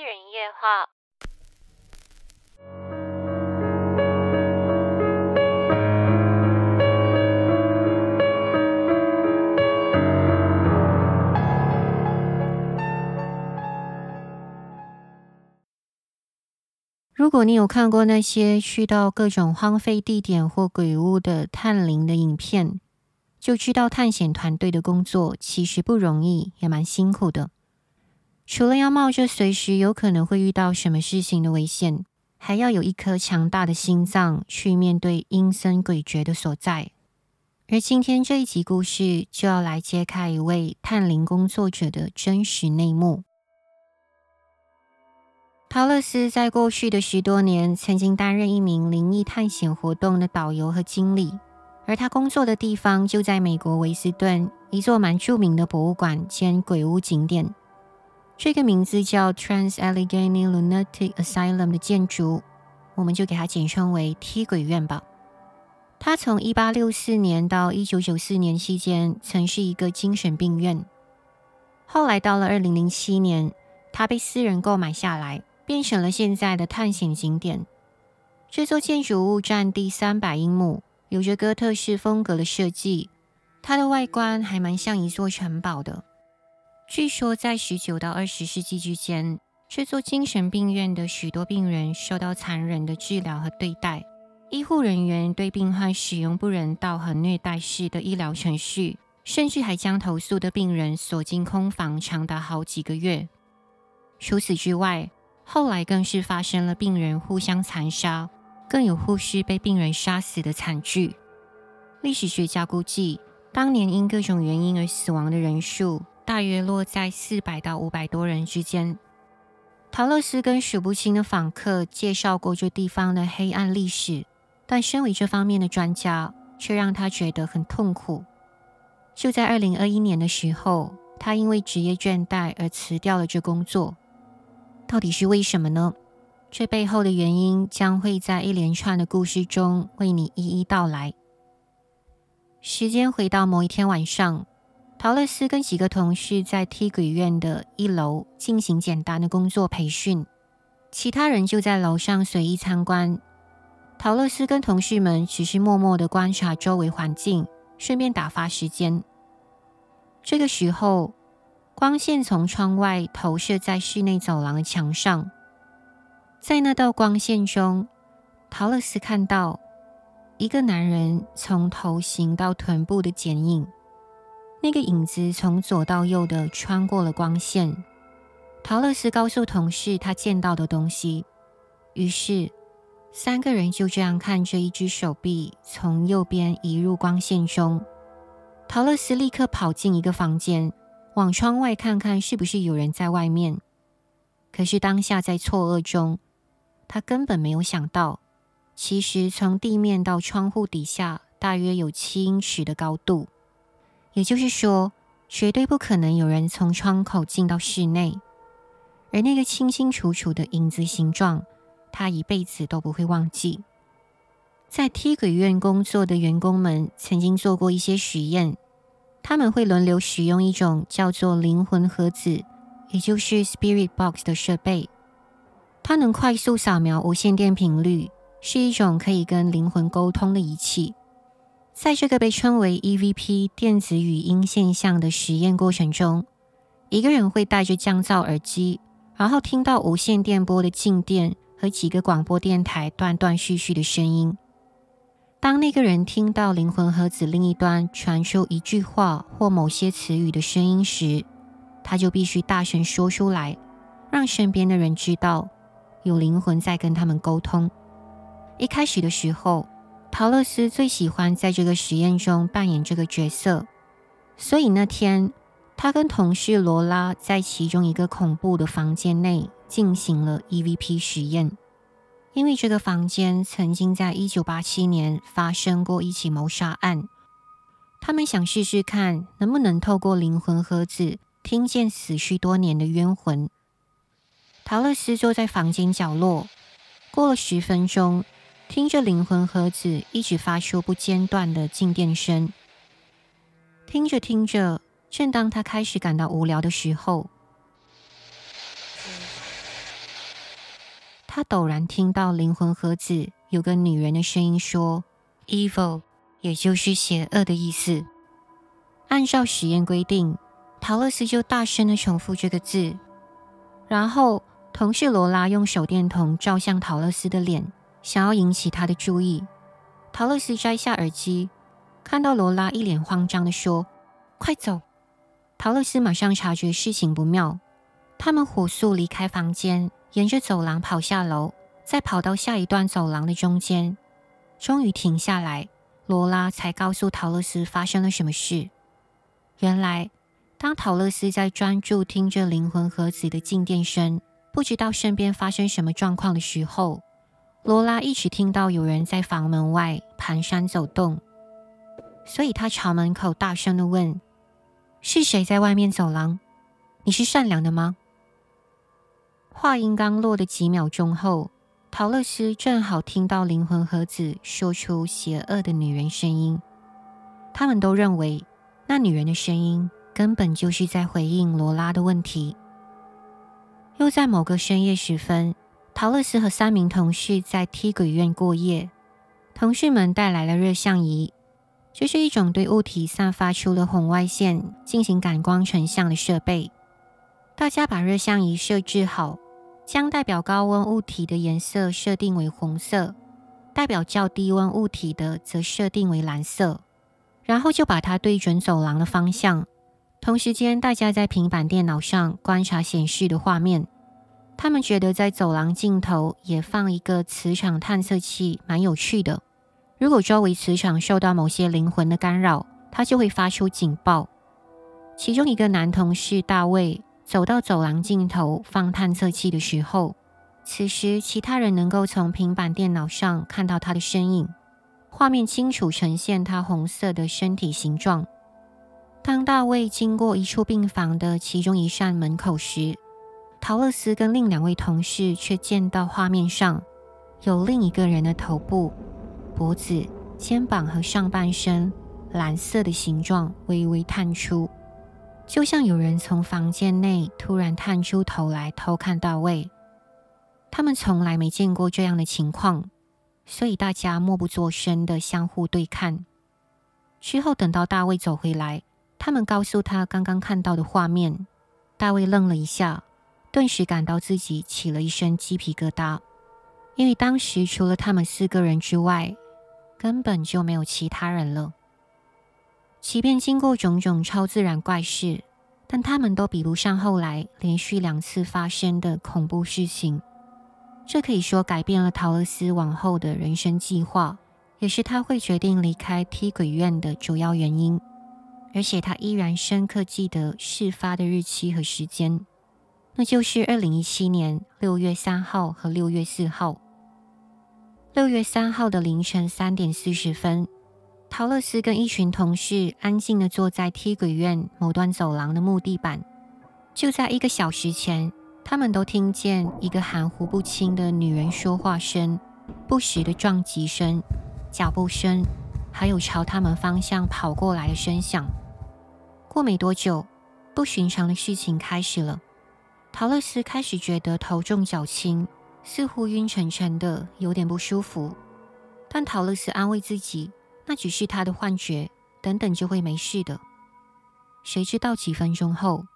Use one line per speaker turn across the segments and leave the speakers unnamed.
壹人夜話。如果你有看過那些去到各種荒廢地點或鬼屋的探靈的影片，就知道探險團隊的工作其實不容易，也蠻辛苦的。除了要冒着隨時有可能會遇到什麼事情的危險，還要有一顆強大的心臟去面對陰森詭譎的所在。而今天這一集故事就要來揭開一位探靈工作者的真實內幕。陶勒斯在過去的十多年，曾經擔任一名靈異探險活動的導遊和經理，而他工作的地方就在美國維斯頓，一座蠻著名的博物館兼鬼屋景點。這個名字叫 Trans Allegheny Lunatic Asylum 的建築，我們就給它簡稱為“梯軌院”吧。它從1864年到1994年期間曾是一個精神病院，後來到了2007年，它被私人購買下來，變成了現在的探險景點。這座建築物占地300英畝，有着哥特式風格的設計，它的外觀還蠻像一座城堡的。據說，在十九到二十世紀之間，這座精神病院的許多病人受到殘忍的治療和對待。醫護人員對病患使用不人道和虐待式的醫療程序，甚至還將投訴的病人鎖進空房，長達好幾個月。除此之外，後來更是發生了病人互相殘殺，更有護士被病人殺死的慘劇。歷史學家估計，當年因各種原因而死亡的人數。大約落在四百到五百多人之間。陶樂斯跟數不清的訪客介紹過這地方的黑暗歷史，但身為這方面的專家，卻讓他覺得很痛苦。就在二零二一年的時候，他因為職業倦怠而辭掉了這工作。到底是為什麼呢？這背後的原因將會在一連串的故事中為你一一道來。時間回到某一天晚上。陶樂斯跟幾個同事在梯鬼院的一樓進行簡單的工作培訓，其他人就在樓上隨意參觀。陶樂斯跟同事們只是默默地觀察周圍環境，順便打發時間。這個時候，光線從窗外投射在室內走廊的牆上，在那道光線中，陶樂斯看到一個男人從頭型到臀部的剪影。那個影子從左到右的穿過了光線。陶勒斯告訴同事他見到的東西，於是三個人就這樣看着一隻手臂從右邊移入光線中。陶勒斯立刻跑進一個房間，往窗外看看是不是有人在外面。可是當下在錯愕中，他根本沒有想到，其實從地面到窗戶底下大約有七英尺的高度。也就是說，絕對不可能有人從窗口進到室內。而那個清清楚楚的影子形狀，他一輩子都不會忘記。在 T 鬼院工作的員工們曾經做過一些實驗，他們會輪流使用一種叫做“靈魂盒子”，也就是 Spirit Box 的設備，它能快速掃描無線電頻率，是一種可以跟靈魂溝通的儀器。在這個被稱為 EVP 電子語音現象的實驗過程中，一個人會戴着降噪耳機，然後聽到無線電波的靜電和幾個廣播電台斷斷續續的聲音。當那個人聽到靈魂盒子另一端傳出一句話或某些詞語的聲音時，他就必須大聲說出來，讓身邊的人知道有靈魂在跟他們溝通。一開始的時候。陶勒斯最喜歡在這個實驗中扮演這個角色，所以那天他跟同事羅拉在其中一個恐怖的房間內進行了 EVP 實驗。因為這個房間曾經在一九八七年發生過一起謀殺案，他們想試試看能不能透過靈魂盒子聽見死去多年的冤魂。陶勒斯坐在房間角落，過了十分鐘。聽着靈魂盒子一直發出不間斷的靜電聲，聽着聽着，正當他開始感到無聊的時候，他陡然聽到靈魂盒子有個女人的聲音說：“evil”，也就是邪惡的意思。按照實驗規定，陶勒斯就大聲的重複這個字，然後同事羅拉用手電筒照向陶勒斯的臉。想要引起他的注意，陶樂斯摘下耳機，看到羅拉一臉慌張地說：“快走！”陶樂斯馬上察覺事情不妙，他們火速離開房間，沿着走廊跑下樓，再跑到下一段走廊的中間，終於停下來。羅拉才告訴陶樂斯發生了什麼事。原來，當陶樂斯在專注聽着靈魂盒子的靜電聲，不知道身邊發生什麼狀況的時候。羅拉一直聽到有人在房門外蹣跚走動，所以她朝門口大聲地問：“是誰在外面走廊？你是善良的嗎？”話音剛落的幾秒鐘後，陶樂絲正好聽到靈魂盒子說出邪惡的女人聲音。他們都認為那女人的聲音根本就是在回應羅拉的問題。又在某個深夜時分。陶樂斯和三名同事在 T 軌院過夜。同事們帶來了熱像儀，這是一種對物體散發出的紅外線進行感光成像的設備。大家把熱像儀設置好，將代表高溫物體的顏色設定為紅色，代表較低溫物體的則設定為藍色，然後就把它對準走廊的方向。同時間，大家在平板電腦上觀察顯示的畫面。他們覺得在走廊盡頭也放一個磁場探測器蠻有趣的。如果周圍磁場受到某些靈魂的干擾，它就會發出警報。其中一個男同事大衛走到走廊盡頭放探測器的時候，此時其他人能夠從平板電腦上看到他的身影，畫面清楚呈現他紅色的身體形狀。當大衛經過一處病房的其中一扇門口時，陶勒斯跟另兩位同事卻見到畫面上有另一個人的頭部、脖子、肩膀和上半身藍色的形狀微微探出，就像有人從房間內突然探出頭來偷看大衛。他們從來沒見過這樣的情況，所以大家默不作聲地相互對看。之後等到大衛走回來，他們告訴他剛剛看到的畫面。大衛愣了一下。頓時感到自己起了一身雞皮疙瘩，因為當時除了他們四個人之外，根本就沒有其他人了。即便經過種種超自然怪事，但他們都比不上後來連續兩次發生的恐怖事情。這可以說改變了陶爾斯往後的人生計劃，也是他會決定離開 T 鬼院的主要原因。而且他依然深刻記得事發的日期和時間。那就是二零一七年六月三號和六月四號。六月三號的凌晨三點四十分，陶樂斯跟一群同事安靜的坐在 T 軌院某段走廊的木地板。就在一個小時前，他們都聽見一個含糊不清的女人說話聲，不時的撞擊聲、腳步聲，還有朝他們方向跑過來的聲響。過沒多久，不尋常的事情開始了。陶樂斯開始覺得頭重腳輕，似乎暈沉沉的，有點不舒服。但陶樂斯安慰自己，那只是他的幻覺，等等就會沒事的。誰知道幾分鐘後，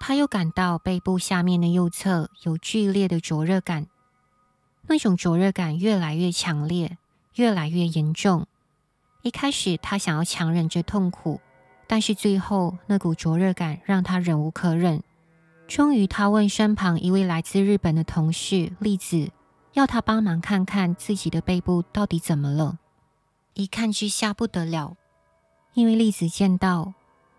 他又感到背部下面的右側有劇烈的灼熱感，那種灼熱感越來越強烈，越來越嚴重。一開始他想要強忍着痛苦，但是最後那股灼熱感讓他忍無可忍。終於，他問身旁一位來自日本的同事栗子，要他幫忙看看自己的背部到底怎麼了。一看之下不得了，因為栗子見到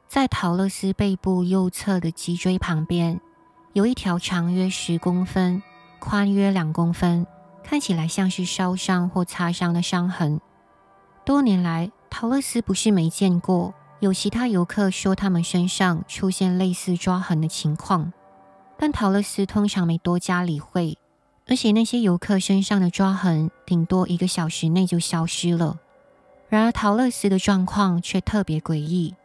在陶勒斯背部右側的脊椎旁邊，有一條長約十公分、寬約兩公分，看起來像是燒傷或擦傷的傷痕。多年來，陶勒斯不是沒見過。有其他遊客說，他們身上出現類似抓痕的情況，但陶勒斯通常沒多加理會，而且那些遊客身上的抓痕頂多一個小時內就消失了。然而，陶勒斯的狀況卻特別詭異，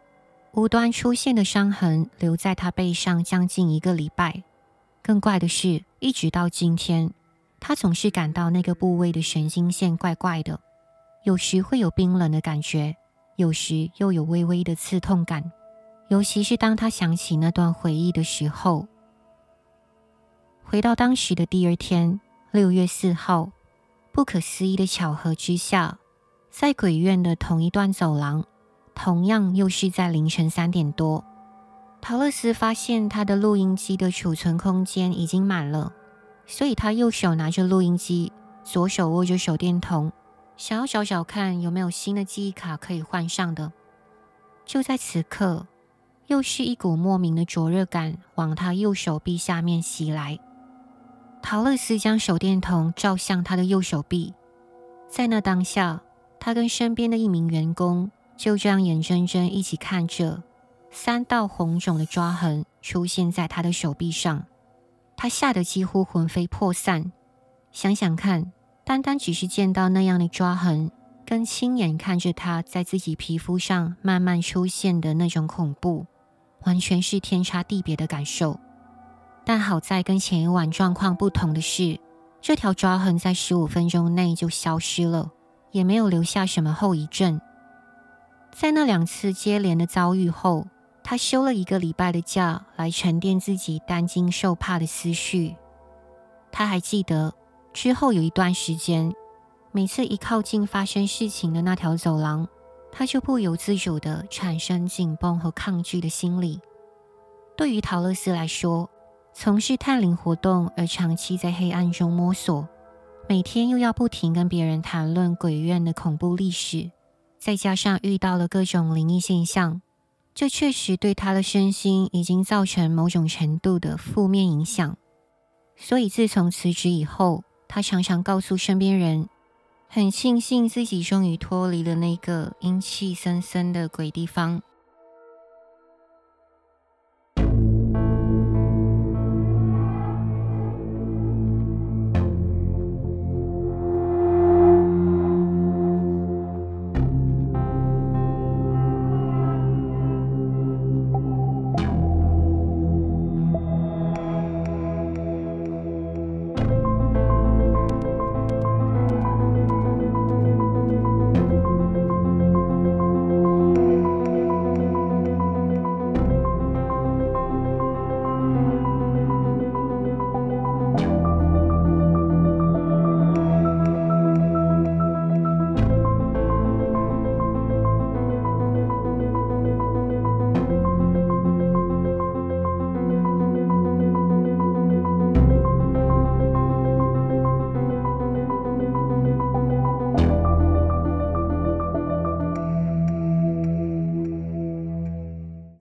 無端出現的傷痕留在他背上將近一個禮拜。更怪的是，一直到今天，他總是感到那個部位的神經線怪怪的，有時會有冰冷的感覺。有時又有微微的刺痛感，尤其是當他想起那段回憶的時候。回到當時的第二天，六月四號，不可思議的巧合之下，在鬼院的同一段走廊，同樣又是在凌晨三點多，陶樂斯發現他的錄音機的儲存空間已經滿了，所以他右手拿着錄音機，左手握着手電筒。想要找找看有沒有新的記憶卡可以換上的，就在此刻，又是一股莫名的灼熱感往他右手臂下面襲來。陶樂斯將手電筒照向他的右手臂，在那當下，他跟身邊的一名員工就這樣眼睜睜一起看着三道紅腫的抓痕出現在他的手臂上，他嚇得幾乎魂飛魄散。想想看。單單只是見到那樣的抓痕，跟親眼看着它在自己皮膚上慢慢出現的那種恐怖，完全是天差地別的感受。但好在跟前一晚狀況不同的是，這條抓痕在十五分鐘內就消失了，也沒有留下什麼後遺症。在那兩次接連的遭遇後，他休了一個禮拜的假來沉澱自己擔驚受怕的思緒。他還記得，之後有一段時間，每次一靠近發生事情的那條走廊，他就不由自主的產生緊繃和抗拒的心理。對於陶勒斯來說，從事探靈活動而長期在黑暗中摸索，每天又要不停跟別人談論鬼院的恐怖歷史，再加上遇到了各種靈異現象，這確實對他的身心已經造成某種程度的負面影響。所以，自從辭職以後，他常常告訴身邊人，很慶幸自己終於脫離了那個陰氣森森的鬼地方。